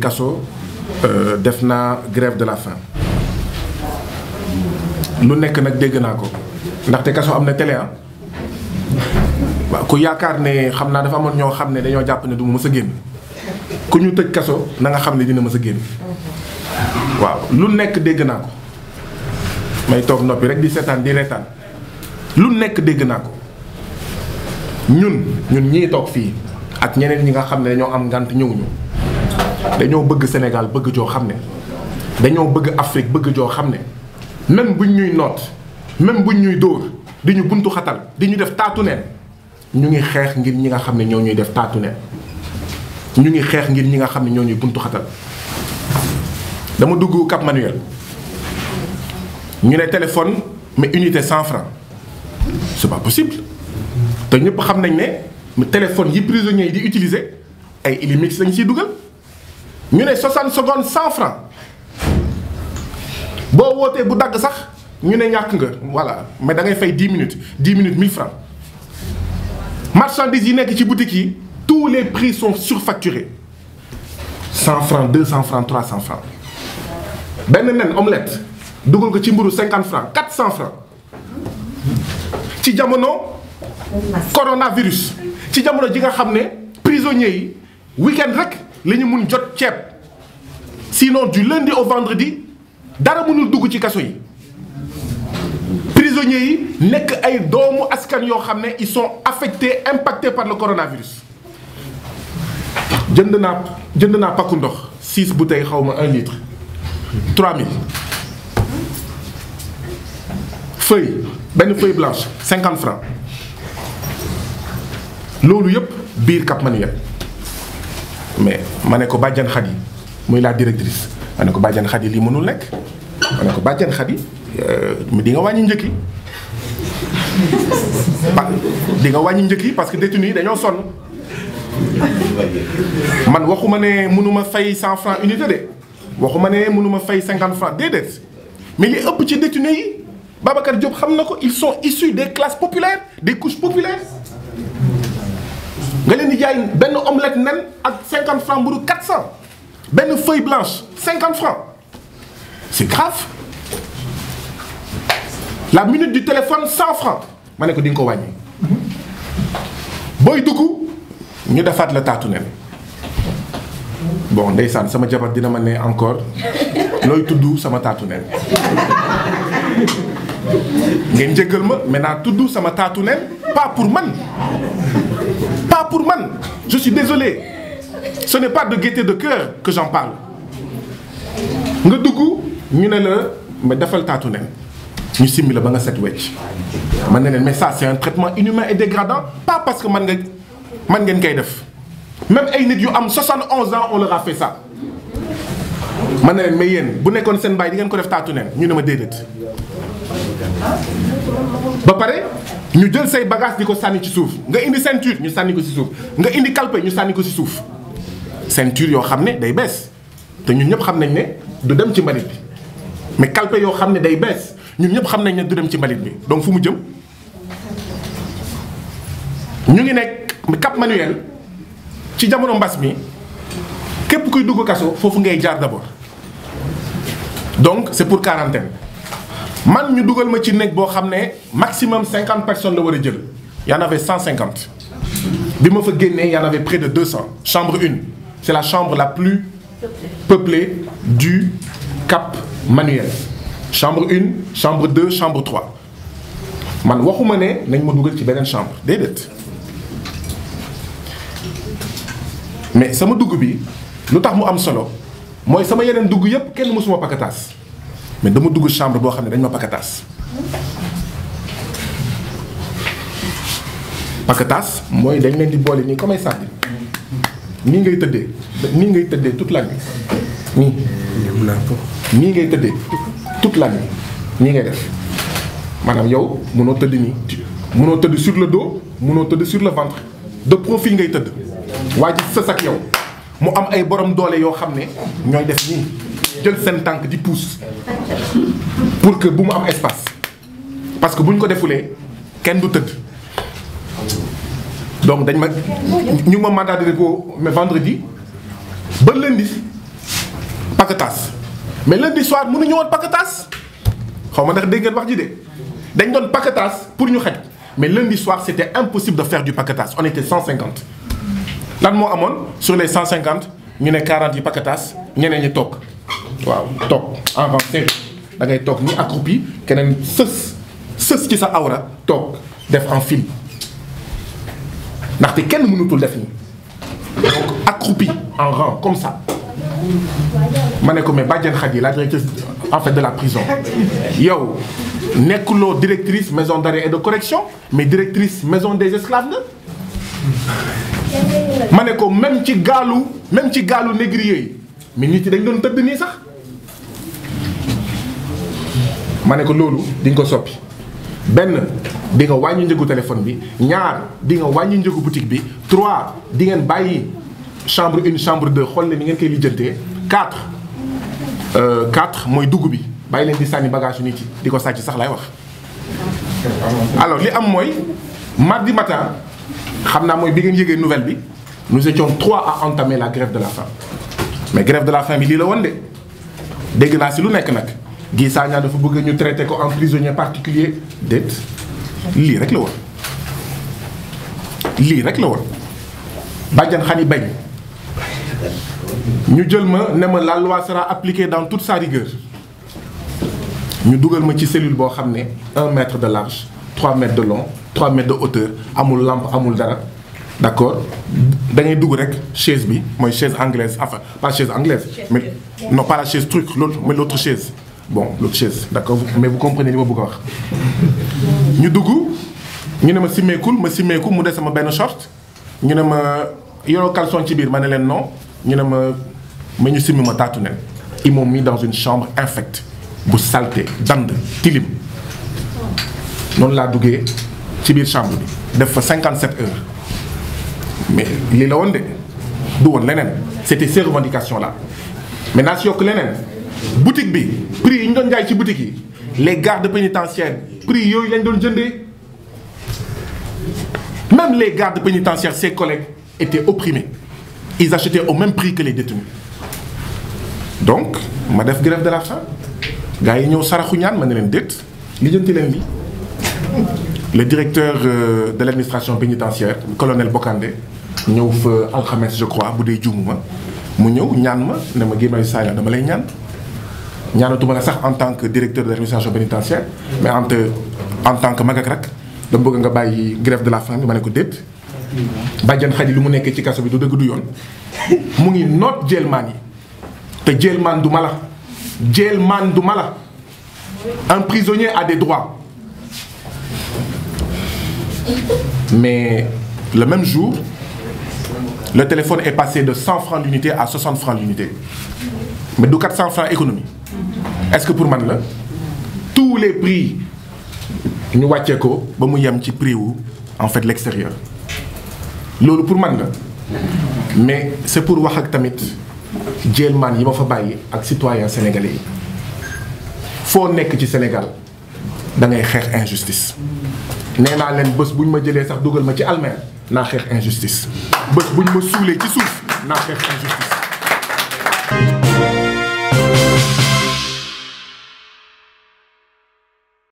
kaso euh, def naa grève de la faim lu nekk nag dégg naa ko ndaxte kaso am na télé am ah. waaw ku yaakaar ne xam naa dafa amoon ñoo xam ne dañoo jàpp ne du ma a génn ku ñu tëj kaso nanga xam ne dina mës a génn waaw lu nekk dégg naa ko may toog noppi rek di seetaan di reetaan lu nekk dégg naa ko ñun ñun ñii toog fii ak ñeneen ñi nga xam ne dañoo am ngànt ñëwuñu dañoo bëgg Sénégal bëgg joo xam ne dañoo bëgg Afrique bëgg joo xam ne même buñ ñuy noot même buñ ñuy dóor di ñu buntu xatal di ñu def taatu neen ñu ngi xeex ngir ñi nga xam ne ñoo ñuy def taatu neen ñu ngi xeex ngir ñi nga xam ne ñoo ñuy buntu xatal dama dugg Cap Manuel ñu ne téléphone mais unité cent francs c'est pas possible te ñëpp xam nañ ne téléphone yi prisonniers yi di utiliser ay Illimix lañ ciy dugal. ñu ne 60 secondes 100 francs boo wootee bu dagg sax ñu ne ñàkk nga voilà mais da ngay fay 10 minutes 10 minutes 1000 francs marchandises yi nekk ci boutique yi tous les prix sont surfacturés 100 francs 200 francs 300 francs benn nen omelette dugal ko ci mburu 50 francs 400 francs ci jamono. coronavirus ci jamono ji nga xam ne prisonniers yi week rek. li ñu mun jot ceeb sinon du lundi au vendredi dara mënul dugg ci kaso yi prisonniers yi nekk ay doomu askan yoo xam ne ils sont affectés impactés par le coronavirus jënd naa jënd naa pakku ndox six bouteilles xaw ma un litre trois mille feuille benn feuille blanche cinquante francs loolu yëpp biir Cap mais ma ne ko bàjjan yi muy la directrice ma ne ko bàjjan yi lii mënul nekk ma ne ko bàjjan Khady euh, mu di nga wàññi njëkki yi di nga wàññi njëkk yi parce que détenu yi dañoo sonn man waxuma ne mënuma fay cent franc unité de waxuma ne mënuma fay cinquante franc déedéet mais li ëpp ci détenu yi Babacar Diop xam na ko ils sont issus des classes populaires des couches populaires nga leen di jaay benn omelette nen ak 50 francs mburu 400 benn feuille blanche 50 francs c'est grave la minute du téléphone 100 francs ma ne ko di ko wàññi booy dugg ñu defaat la taatu nen bon ndeysaan sama jabar dina ma ne encore looy tudd sama taatu nen ngeen jéggal ma maintenant tudd sama taatu neen pas pour man pas pour man je suis désolé ce n'est pas de gaieté de cœur que j'en parle nga dugg ñu ne la ma defal taatu neen ñu simbi ba nga set wecc man ne leen mais ça c'est un traitement inhumain et dégradant pas parce que man nga man ngeen koy def même ay nit yu am 71 ans on leur a fait ça man ne leen mais yéen bu nekkoon seen baay di ngeen ko def taatu neen ñu ne ma déedéet ba pare ñu jël say bagage di ko sànni ci suuf nga indi ceinture ñu sànni ko ci suuf nga indi calpe ñu sànni ko ci suuf ceinture yoo xam ne day bees te ñun ñëpp xam nañ ne du dem ci mbalit bi mais calpe yoo xam ne day bees ñun ñëpp xam nañ ne du dem ci mbalit bi donc fu mu jëm ñu ngi nekk Cap Manuel ci jamono mbas mi képp kuy dugg kaso foofu ngay jaar d'abord donc c'est pour quarantaine man ñu dugal ma ci néeg boo xam ne maximum cinquante personnes la war a jël y en cent cinquante bi ma fa génnee y en près de deux cent chambre une c'est la chambre la plus peuplée du Cap Manuel chambre une chambre deux chambre trois man waxuma ne nañ ma dugal ci beneen chambre déedéet mais sama dugg bi lu tax mu am solo mooy sama yeneen dugg yépp kenn mësuma pakataas mais dama dugg chambre boo xam ne dañ ma pakataas pakataas mooy dañ leen di boole nii comme ay sànni nii ngay tëddee nii ngay tëddee toute la nuit nii nii ngay tëddee la nuit ngay def maanaam yow mënoo tëdd nii mënoo tëdd sur le dos mënoo tëdd sur le ventre de profil ngay tëdd waa ji sës ak yow mu am ay borom doole yoo xam ne ñooy def nii jël seen tànk di pousse pour que bu mu am espace parce que bu ñu ko defulee kenn du tëdd donc dañ ma ñu ma mandat de dépôt mais vendredi ba lundi paquetage mais lundi soir mënuñu ñëwoon paquetage xaw ma ndax dégg ngeen wax ji de dañ doon paquetage pour ñu xaj mais lundi soir c' était impossible de faire du paquetage on était 150 lan moo amoon sur les cent 150 ñu ne quarante yi paquetage ñeneen ñi toog. waaw toog en vente da ngay toog ni accroupi keneen sës sës ci sa awra toog def en film ndaxte kenn mënutul def nii donc accroupi en rang comme ça ma ne ko mais Badiane yi la directrice en fait de la prison yow nekkuloo directrice maison d'arrêt et de correction mais directrice maison des esclaves la ma ne ko même ci gaalu même ci gaalu négrier yi mais nit yi dañ doon tëdd nii sax ma ne ko loolu di ko soppi benn di nga wàññi njëgu téléphone bi ñaar di nga wàññi njëgu boutique bi trois di ngeen bàyyi chambre une chambre de xool ne ni ngeen koy lijjantee quatre euh, quatre mooy dugg bi bàyyi leen di sànni bagage yu nit yi di ko sàcc sax lay wax. alors li am mooy mardi matin xam naa mooy bi ngeen yëgee nouvelle bi nous étions trois à entamer la grève de la faim mais grève de la faim bi lii la woon de dégg naa si lu nekk nag. Guy Sagna dafa bëgg ñu traité ko en prisonnier particulier déet lii rek la woon lii rek la woon bàjjan xani bañ ñu jël ma ne ma la loi sera appliquée dans tout sa ñu dugal ma ci cellule boo xam ne un mètre de large trois mètres de long trois mètres de hauteur amul lampe amul dara d'accord da ngay dugg rek chaise bi mooy chaise anglaise enfin pas chaise anglaise mais non pas la chaise truc l'autre mais l'autre chaise bon l'autre chaise d'accord mais vous comprenez li ma bëgg a wax. ñu dugg ñu ne ma simmeekul ma simmeeku mu des sama benn short ñu ne ma yoroo caleçon ci biir ma ne leen non ñu ne ma ma ñu simmi ma taatu nen. ils m'ont mis dans une chambre infect bu saleté dand tilim noonu laa duggee ci biir chambre bi def fa 57 heures mais lii la woon de du woon leneen c'était ces revendications là maintenant si yokk leneen. boutique bi prix yi ñu doon jaay ci boutique yi les gardes pénitentiaires prix yooyu lañ doon jëndee même les gardes pénitentiaires ses collègues étaient opprimés ils achetaient au même prix que les détenus donc ma def grève de la faim gars yi ñëw saraxu ñaan ma ne leen déet li jënti leen bi le directeur euh, de l'administration pénitentiaire colonel Bokandé ñëw fa alxames je crois bu dee juumu ma mu ñëw ñaan ma ne ma Guy Marius dama lay ñaan ñaanatuma la sax en tant que directeur de l'administration pénitentiaire mais en en tant que mag ak rak bëgg nga bàyyi grève de la faim bi ma ne ko déet. bàjjan xaj lu mu nekkee ci kaso bi du dëgg du yoon mu ngi noot jéelmaan yi te jéelmaan du ma la mala jéelmaan du ma mala un prisonnier à des droits mais le même jour le téléphone est passé de 100 francs l'unité à 60 francs l'unité mais du 400 francs économie est-ce que pour man la tous les prix ñu wàccee ko ba mu yem ci prix wu en fait l'extérieur loolu pour man la mais c'est pour wax ak tamit jéelmaan yi ma fa bàyyi ak citoyen sénégalais yi foo nekk ci Sénégal da ngay xeex injustice nee naa leen bés bu ñu ma jëlee sax dugal ma ci almeel naa xeex injustice bés bu ñu ma suulee ci suuf naa xeex injustice